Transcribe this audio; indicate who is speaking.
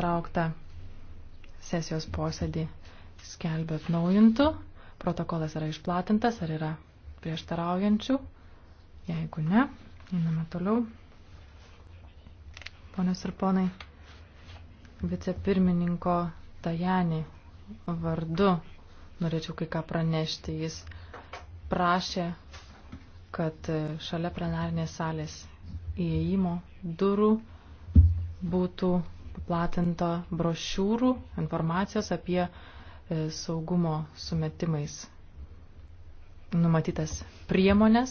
Speaker 1: nutraukta sesijos posėdį skelbia atnaujintų. Protokolas yra išplatintas, ar yra prieštaraujančių. Jeigu ne, einame toliau. Ponios ir ponai, vicepirmininko Tajani vardu norėčiau kai ką pranešti. Jis prašė, kad šalia plenarinės salės įėjimo durų būtų platinta brošiūrų, informacijos apie e, saugumo sumetimais numatytas priemonės